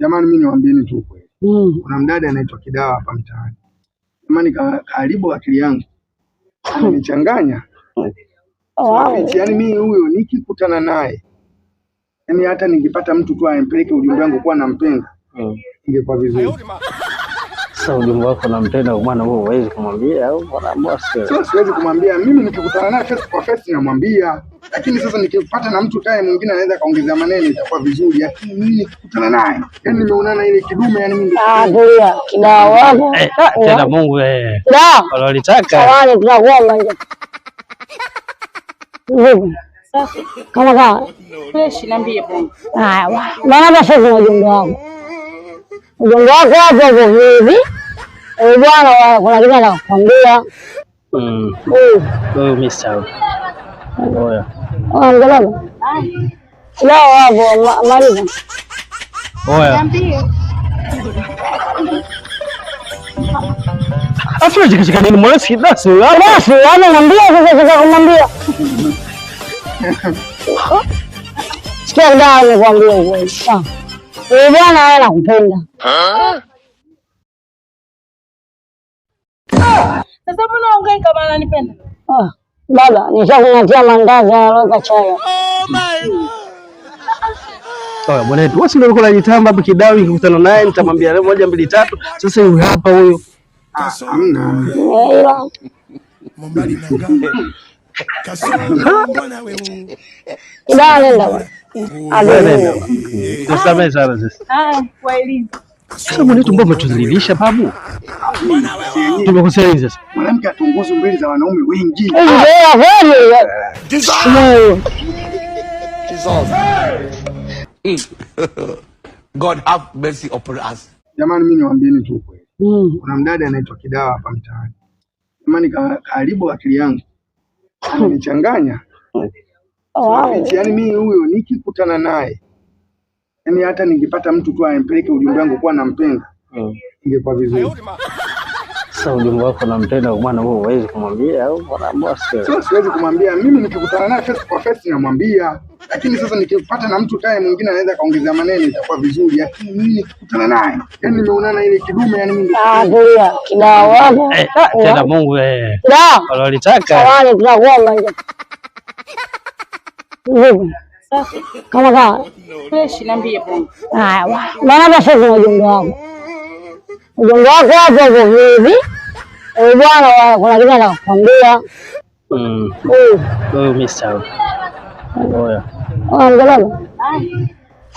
Jamani, mimi niwaambieni tu kweli, mm. kuna mdada anaitwa Kidawa hapa mtaani. Jamani, kaharibu akili yangu amenichanganya. Yaani mimi huyo nikikutana naye, yani hata ningepata mtu tu ampeleke ujumbe wangu kuwa nampenda, mm. ingekuwa vizuri sasa ujumbe wako nampenda maana wewe, huwezi kumwambia au bwana boss? Sio, siwezi kumwambia mimi, nikikutana naye face kwa face namwambia, lakini sasa nikipata na mtu kae mwingine anaweza kaongezea maneno itakuwa vizuri, lakini mimi nikikutana naye, yani nimeonana ile kidume, yani mimi ah, ndio kina wangu eh, tena Mungu eh, wala walitaka wale tunakuomba kama kama fresh, niambie bongo. Haya, maana sasa ujumbe wangu ujumbe wako hapo hivi bwana, kuna kitu nakwambia. sikia, ndio nikwambia ah. bwana, nakupenda Sasa mbona ongei kama ananipenda? Ah, baba, nishakunatia mandazi na roka chai. Oh my God. Oya bwana wasi ndio unajitamba hapo kidawi, nikikutana naye nitamwambia leo moja mbili tatu. Sasa huyu hapa huyo. Hamna. Mbali na nganga. Kasoro wewe? Ndio. Ndio. Ah, kweli. Sasa mwanetu mbao umetudhalilisha babu. Tumekosea hivi sasa. Mwanamke atunguzi mbele za wanaume wengi. God have mercy upon us. Jamani mimi niwaambieni tu kweli. Mm. Kuna mdada anaitwa Kidawa hapa mtaani. Jamani karibu akili yangu. Amenichanganya. Oh, yaani mimi huyo nikikutana naye yani hata ningepata mtu tu ampeleke ujumbe wangu kuwa nampenda mm. ingekuwa vizuri. Sasa ujumbe wako nampenda kwa maana wewe huwezi kumwambia au bwana boss? Sio, siwezi kumwambia. Mimi nikikutana naye face kwa face namwambia, lakini sasa nikipata na mtu tayari mwingine anaweza kaongezea maneno itakuwa vizuri, lakini mimi nikikutana naye yani nimeonana ile kidume yani mimi ah, ndio kinaona eh, tena Mungu eh, walitaka wale tunakuwa kama kawa maana sasa ujungu wako ujungu wako hapo hapo hivi bwana, kuna kitu atakwambia mm. huyu mdogo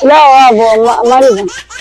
lao hapo maliza